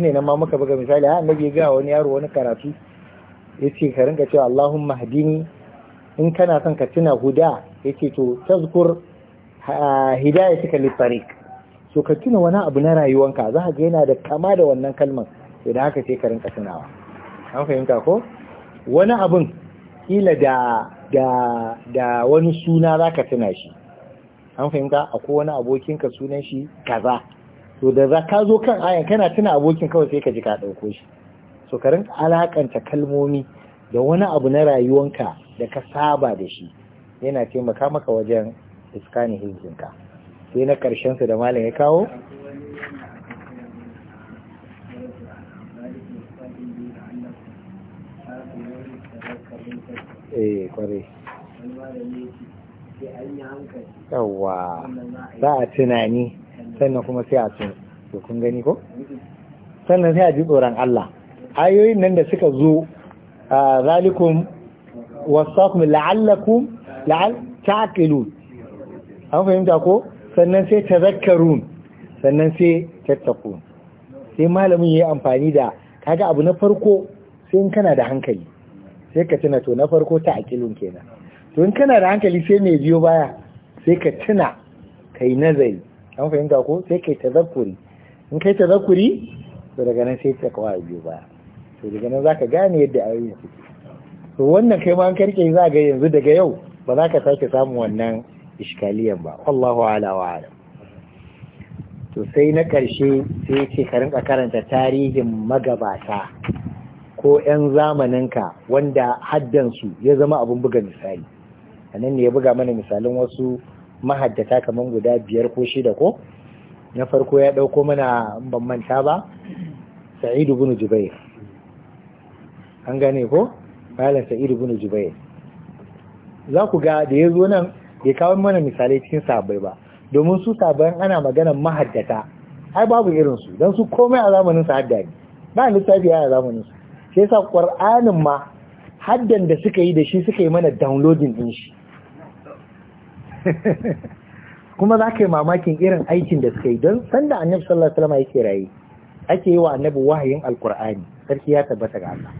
ne nan ma muka buga misali ha annabi ga wani yaro wani karatu yace ka rinka cewa Allahumma hadini in kana son ka tuna huda yace to tazkur hidayatika litariq to ka tuna wani abu na rayuwanka za ka ga yana da kama da wannan kalmar to da haka sai ka rinka tunawa an fahimta ko wani abun kila da da da wani suna za ka tuna shi an fahimta akwai wani abokinka sunan shi kaza to da za ka zo kan ayan kana tuna abokin kawai sai ka ji ka ɗauko shi so ka rinka alakanta kalmomi da wani abu na rayuwanka da ka saba da shi yana taimaka maka wajen iskani hizinka sai na ƙarshen su da malam ya kawo eh yawa za a tunani sannan kuma sai a sun to kun gani ko sannan sai a ji tsoron Allah ayoyin nan da suka zo zalikum wasakum la'allakum la'al ta'qilun an fahimta ko sannan sai ta zakarun sannan sai tattaqun sai malamin ya yi amfani da kaga abu na farko sai in kana da hankali sai ka tuna to na farko ta akilun kenan to in kana da hankali sai mai biyo baya sai ka tuna kai nazari an fahimta ko sai kai zakuri. in kai zakuri, to daga nan sai ta kawai biyu ba to daga nan zaka gane yadda ayoyin suke to wannan kai ma an karke za ga yanzu daga yau ba za ka sake samun wannan iskaliyan ba wallahu ala wa ala to sai na karshe sai ce ka rinka karanta tarihin magabata ko 'yan zamaninka wanda haddansu ya zama abin buga misali a nan ne ya buga mana misalin wasu mahaddata kamar guda biyar ko shida ko na farko ya ɗauko mana ban manta ba sa'idu bin jubair an gane ko malam sa'idu bin jubair za ku ga da ya zo nan ya kawo mana misalai cikin sabai ba domin su sabai ana magana mahaddata ai babu irin su don su komai a zamanin su hadda ne ba lissafi a zamanin su sai sa qur'anin ma haddan da suka yi da shi suka yi mana downloading din shi kuma za ka yi mamakin irin aikin da suka yi don sanda annabi sallallahu alaihi wasallam yake raye ake yi wa annabi wahayin alkur'ani sarki ya tabbata ga Allah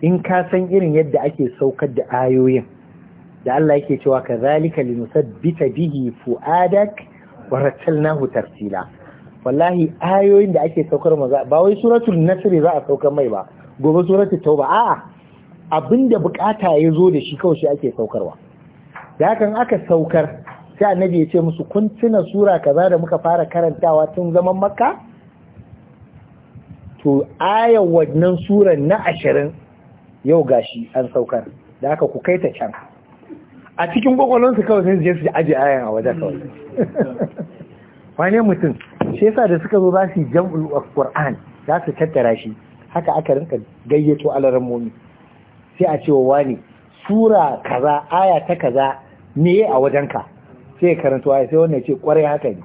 in ka san irin yadda ake saukar da ayoyin da Allah yake cewa kazalika linusabbita bihi fuadak wa rattalnahu tartila wallahi ayoyin da ake saukar maza ba wai suratul nasr za a saukar mai ba gobe suratul tauba a'a abinda bukata ya zo da shi kawai shi ake saukarwa da hakan aka saukar sai annabi ya ce musu kun tuna sura kaza da muka fara karantawa tun zaman makka to ayan wannan suran na ashirin yau gashi an saukar da haka ku kai ta can a cikin kwakwalonsu kawai sai su aji ayan a wajen kawai wane mutum shi yasa da suka zo za su yi jam'ul qur'an za su tattara shi haka aka rinka gayyato alaran momi sai a cewa wani sura kaza aya ta kaza ne a wajenka sai ya karanta waye sai wannan ya ce kwarai haka ne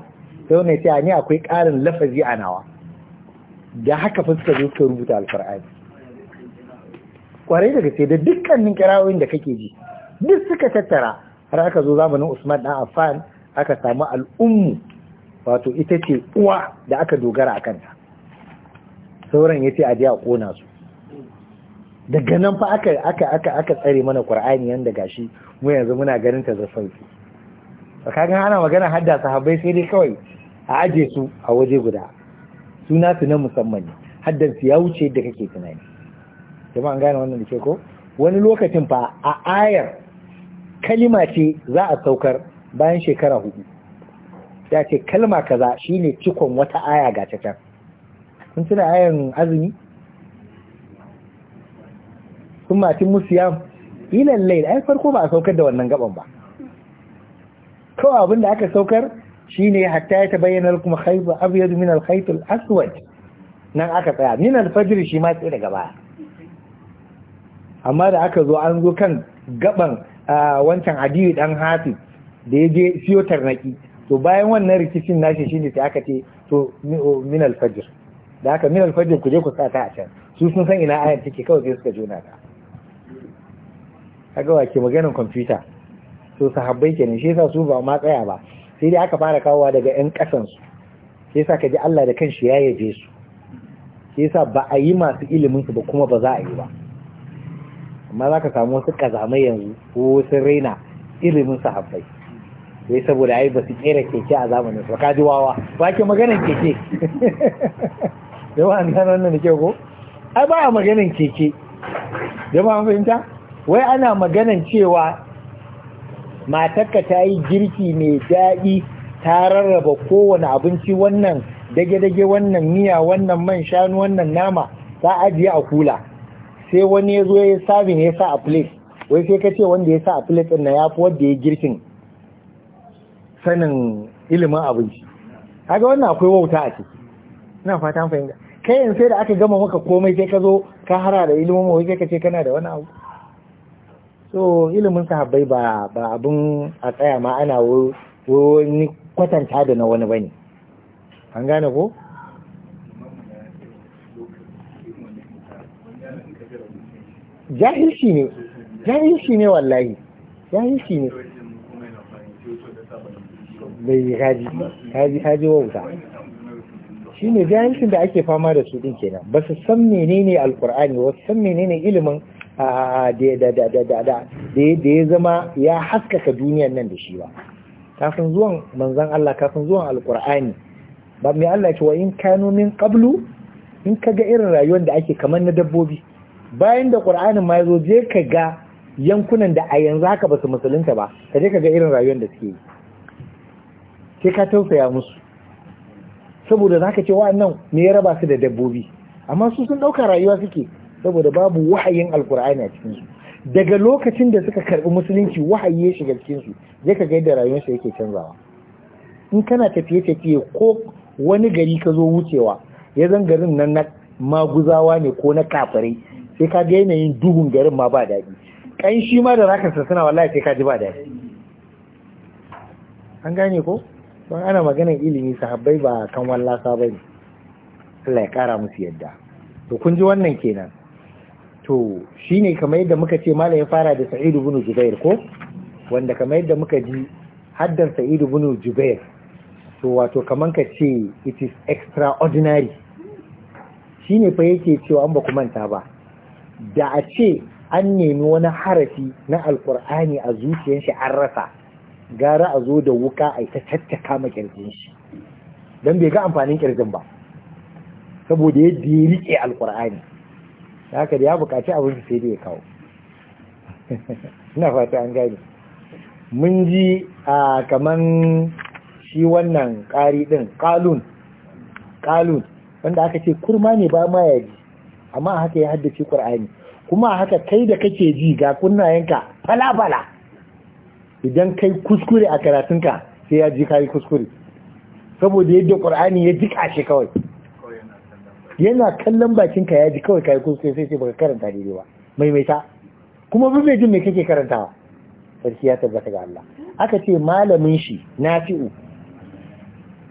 sai wannan ya ce a ni akwai ƙarin lafazi a nawa da haka fa suka zo suka rubuta alkur'ani kwarai daga sai da dukkanin kirawoyin da kake ji duk suka tattara har aka zo zamanin Usman dan Affan aka samu al'ummu wato ita ce uwa da aka dogara a kanta sauran ya ce a je a kona su daga nan fa aka aka aka aka tsare mana qur'ani yanda gashi mu yanzu muna ganin ta da sauki kaga ana magana hadda sahabbai sai dai kawai a aje su a waje guda suna su na musamman ne haddan su ya wuce yadda kake tunani jama'an gane wannan da ke ko wani lokacin fa a ayar kalima ce za a saukar bayan shekara hudu ya ce kalma kaza shine cikon wata aya ga can kun tuna ayan azumi sun matin musiyam ilan lail ai farko ba a saukar da wannan gaban ba kawai abinda aka saukar shine hatta ya tabayyana lakum khaybu abyad min al-khayt al-aswad nan aka tsaya min al-fajr shi ma sai daga baya amma da aka zo an zo kan gaban wancan adiyi dan hafi da ya je siyo tarnaki to bayan wannan rikicin nashi shine sai aka ce to min al-fajr da aka min al-fajr ku je ku sa ta a can su sun san ina ayar take kawai sai suka jona ta kaga wa ke maganar kwamfuta to sahabbai kenan shi yasa su ba ma tsaya ba sai dai aka fara kawowa daga yan kasan su shi yasa kaji Allah da kanshi ya yaje su shi yasa ba a yi masu ilimin su ba kuma ba za a yi ba amma za ka samu wasu kazamai yanzu ko wasu raina ilimin sahabbai sai saboda ai ba su kera keke a zamanin su ba kaji wawa ba ke maganar keke yawa an gano wannan da kyau ko ai ba a maganar keke jama'a fahimta wai ana maganan cewa matarka ta yi girki mai daɗi ta rarraba kowane abinci wannan dage-dage wannan miya wannan man shanu wannan nama ta ajiye a kula sai wani ya zo ya sami ne ya sa a plate wai sai ka ce wanda ya sa a plate ɗin na ya fi wanda ya girkin sanin ilimin abinci kaga wannan akwai wauta a ciki ina fata fahimta kai yanzu sai da aka gama maka komai sai ka zo ka hara da ilimin mawai sai ka ce kana da wani abu so ilimin sahabbai ba ba abun a tsaya ma ana wani kwatanta da na wani bane an gane ko jahilci ne jahilci ne wallahi jahilci ne bai haji haji haji wauta shine jahilcin da ake fama da su din kenan ba su san menene alkur'ani ba su san menene ilimin da ya zama ya haskaka duniyan nan da shi ba kafin zuwan manzan Allah kafin zuwan alkur'ani ba mai Allah ce wa in kano min qablu in ka ga irin rayuwar da ake kamar na dabbobi bayan da ƙur'anin ma zo je ka ga yankunan da a yanzu haka ba su musulunta ba ka je ka ga irin rayuwar da suke yi sai ka tausaya musu saboda zaka ce wa'annan me ya raba su da dabbobi amma su sun ɗauka rayuwa suke saboda babu wahayin alkur'ani a cikinsu daga lokacin da suka karbi musulunci wahayi ya shiga cikinsu zai ka gaida rayuwar rayuwarsu yake canzawa in kana tafiye-tafiye ko wani gari ka zo wucewa ya zan garin nan na maguzawa ne ko na kafirai sai ka ga yanayin duhun garin ma ba daɗi ƙanshi ma da zaka suna wallahi sai ka ji ba daɗi an gane ko don ana maganar ilimi sahabbai ba kan wallasa ba ne Allah ya ƙara musu yadda to kun ji wannan kenan to ne kamar yadda muka ce malam ya fara da Sa'idu ibn jubair ko wanda kamar yadda muka ji haddan Sa'idu ibn jubair to wato kamar ka ce it is extraordinary ne fa yake cewa an ba ku manta ba da a ce an nemi wani harafi na alkur'ani a zuciyar shi an rasa gara a zo da wuka a ta tattaka ma kirjin shi don bai ga amfanin kirjin ba saboda yadda ya rike alkur'ani haka da ya bukaci abinci sai dai ya kawo ina fata an gani mun ji a kaman shi wannan ƙari ɗin ƙalun ƙalun wanda aka ce kurma ne ba ma ya ji amma haka ya haddace ƙur'ani kuma haka kai da kake ji ga kunnayenka fala-fala idan kai kuskure a karatunka sai ya ji kayi kuskure saboda yadda ƙur'ani ya jika shi kawai yana kallon bakin ka yaji kawai kai kuskure sai sai baka karanta daidai ba mai maimaita kuma ba mai jin me kake karantawa sarki ya tabbata ga Allah aka ce malamin shi nafi'u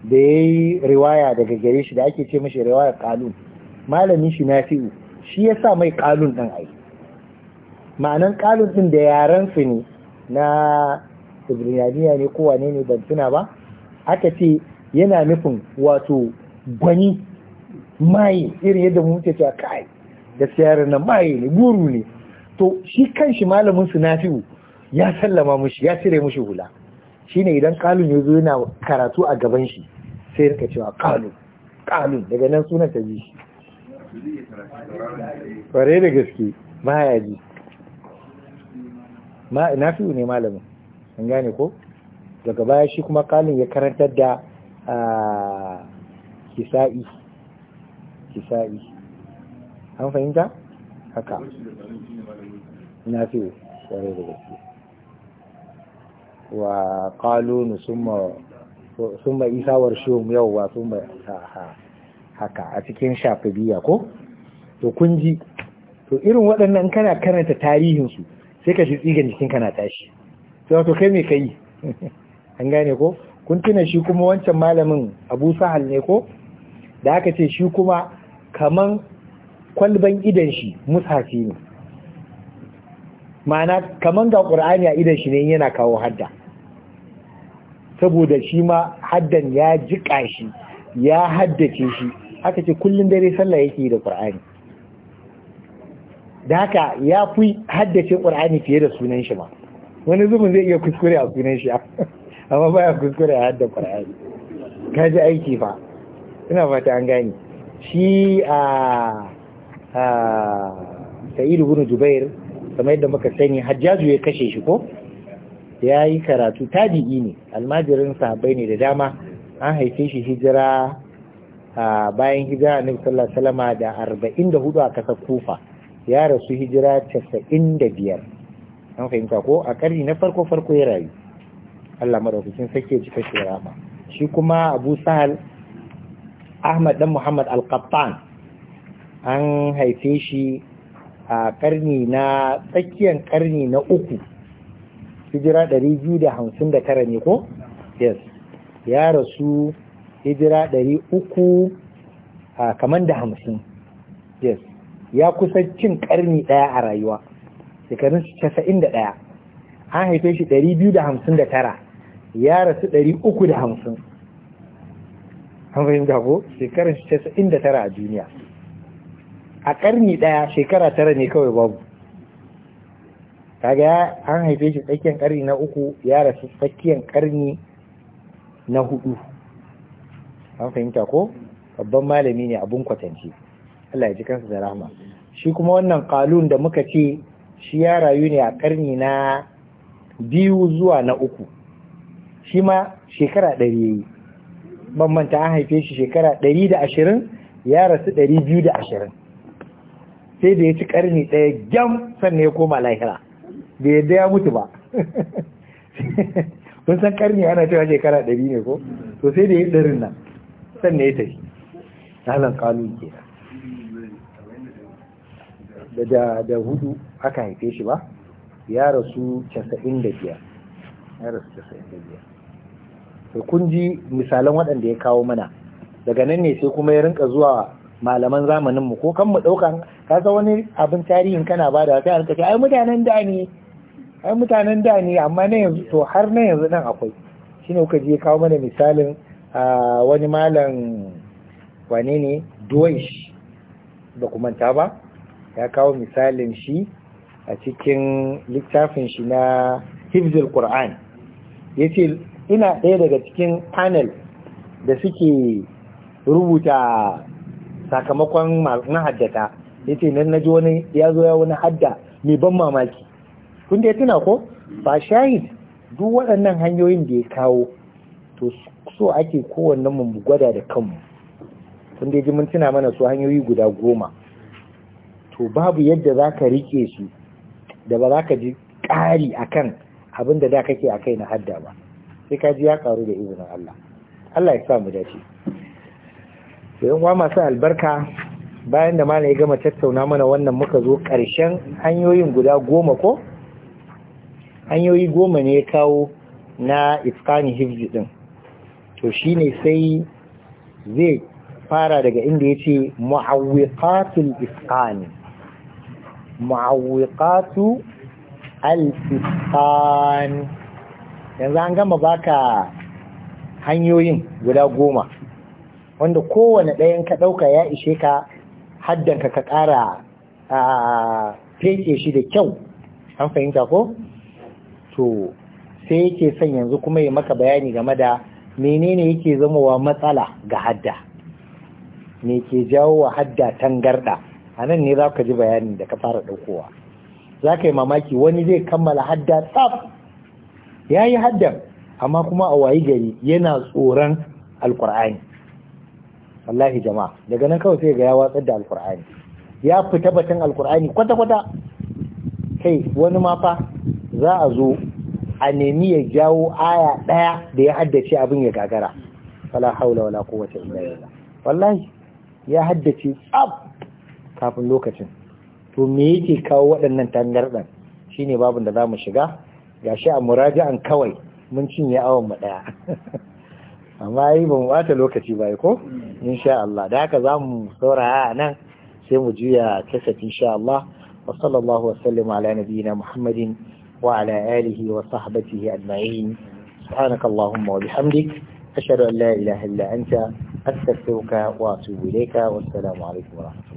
da yayi riwaya daga gare shi da ake ce mishi riwaya qalun malamin shi nafi'u shi yasa mai qalun dan ai ma'anan qalun din da yaran su ne na ibriyaniya ne ko wane ne ban tuna ba aka ce yana nufin wato gwani maye irin yadda mu muke cewa kai gaskiya yaran na maye ne guru ne to shi kanshi malamin su nafi'u ya sallama mushi ya cire mushi hula shine idan kalun ya zo yana karatu a gaban shi sai rika cewa kalun kalun daga nan sunan ta ji shi kware da gaske ba ya ji nafi'u ne malamin an gane ko daga baya shi kuma kalun ya karantar da ah, kisa'i kisa'i an fahimta haka na fi kwarai da gaske wa kalonu sun ma isawar shiyom yau ba sun ma haka a cikin shafibiya ko to kun ji to irin waɗannan kana karanta tarihinsu sai ka shi tsigan jikin kana tashi sai wato kai mai kai an gane ko kun tuna shi kuma wancan malamin abu sahal ne ko da aka ce shi kuma kaman kwalban idan shi musafi ne ma'ana kaman ga ƙur'ani a idan shi ne yana kawo hadda saboda shi ma haddan ya jiƙa shi ya haddace shi haka ce kullum dare sallah yake da ƙur'ani da haka ya fi haddace ƙur'ani fiye da sunan shi ma wani zubin zai iya kuskure a sunan shi amma baya kuskure a hadda ƙur'ani ka ji aiki fa ina fata an gane shi a sa'idu bin jubair kamar yadda muka sani hajjaju ya kashe shi ko ya yi karatu tabi'i ne almajirin sahabbai ne da dama an haife shi hijira bayan hijira a Sallar salama da arba'in da hudu a kasa kufa ya rasu hijira casa'in da biyar an fahimta ko a ƙarni na farko farko ya rayu allah maɗaukacin sake cika shi rama shi kuma abu sahal Ahmad dan Muhammad Al-Qattan an haife shi a karni na tsakiyar karni na uku hijira 259 ne ko? yes ya rasu hijira 300 a kaman da hamsin yes ya kusa cin karni daya a rayuwa shekarun ɗaya, an haife shi 259 ya rasu 350 an fahimta ko shekarar shi casa'in da tara a duniya a ƙarni ɗaya shekara tara ne kawai babu kaga an haife shi tsakiyar ƙarni na uku ya rasu tsakiyar ƙarni na hudu an fahimta ko babban malami ne abun kwatance Allah ya ji kansa da rahama shi kuma wannan kalun da muka ce shi ya rayu ne a karni na biyu zuwa na uku shi ma shekara ɗari ya yi. ban an haife shi shekara 120 ya rasu 220 sai da ya ci karni ɗaya gyam sannan ya koma lahira da yadda ya mutu ba kun san karni ana cewa shekara ɗari ne ko to sai da ya ɗarin nan sannan ya tafi halin kalu ke da da hudu aka haife shi ba ya rasu 95 ya rasu 95 kun ji misalan waɗanda ya kawo mana daga nan ne sai kuma ya rinka zuwa malaman zamanin mu ko kan mu ɗaukan ka san wani abin tarihin kana ba da sai a ce ai mutanen da ne ai mutanen da ne amma na yanzu to har na yanzu nan akwai shine kuka je kawo mana misalin wani malam wane ne doish da kuma ta ba ya kawo misalin shi a cikin littafin shi na hifzil qur'an yace ina ɗaya daga cikin panel da suke rubuta sakamakon mahaddata ya ce nan na ji wani ya zo ya wani hadda mai ban mamaki kun da tuna ko ba shahid duk waɗannan hanyoyin da ya kawo to so ake kowannen mu gwada da kanmu kun da ji mun mana su hanyoyi guda goma to babu yadda za ka riƙe su da ba za ka ji ƙari akan abin da da kake a kai na hadda ba sai ka ji ya karu da izinin Allah Allah ya sa mu dace to wa masu albarka bayan da malai gama tattauna mana wannan muka zo ƙarshen hanyoyin guda goma ko hanyoyi goma ne ya kawo na iskani hifji din to ne sai zai fara daga inda ya ce mu'awwiqatul iskani mu'awwiqatu al iskani yanzu an gama baka hanyoyin guda goma wanda kowane ɗayan ka ɗauka ya ishe ka haddanka ka ƙara feke shi da kyau an fahimta ko? to sai yake son yanzu kuma ya maka bayani game da menene yake zama wa matsala ga hadda me ke jawo wa hadda tangarda a nan ne za ka ji bayanin da ka fara ɗaukowa za ka yi mamaki wani zai kammala hadda tsaf ya yi haddan amma kuma a wayi gari yana tsoron alkur'ani wallahi jama'a daga nan kawai sai ga ya watsar da alkur'ani ya fita batun alkur'ani kwata-kwata kai wani ma fa za a zo a nemi ya jawo aya ɗaya da ya haddace abin ya gagara wala haula wala kowace illa wallahi ya haddace tsab kafin lokacin to me yake kawo waɗannan tangarɗan shine babin da za mu shiga ga shi a an kawai mun cinye awon mu daya amma yi ba mu bata lokaci ba ko insha Allah da haka za mu saurara a nan sai mu juya kasafin insha Allah wa sallallahu wa ala nabiyyina Muhammadin wa ala alihi wa sahbatihi ajma'in سبحانك اللهم hamdi أشهد أن لا إله إلا أنت أستغفرك وأتوب wa والسلام alaikum wa الله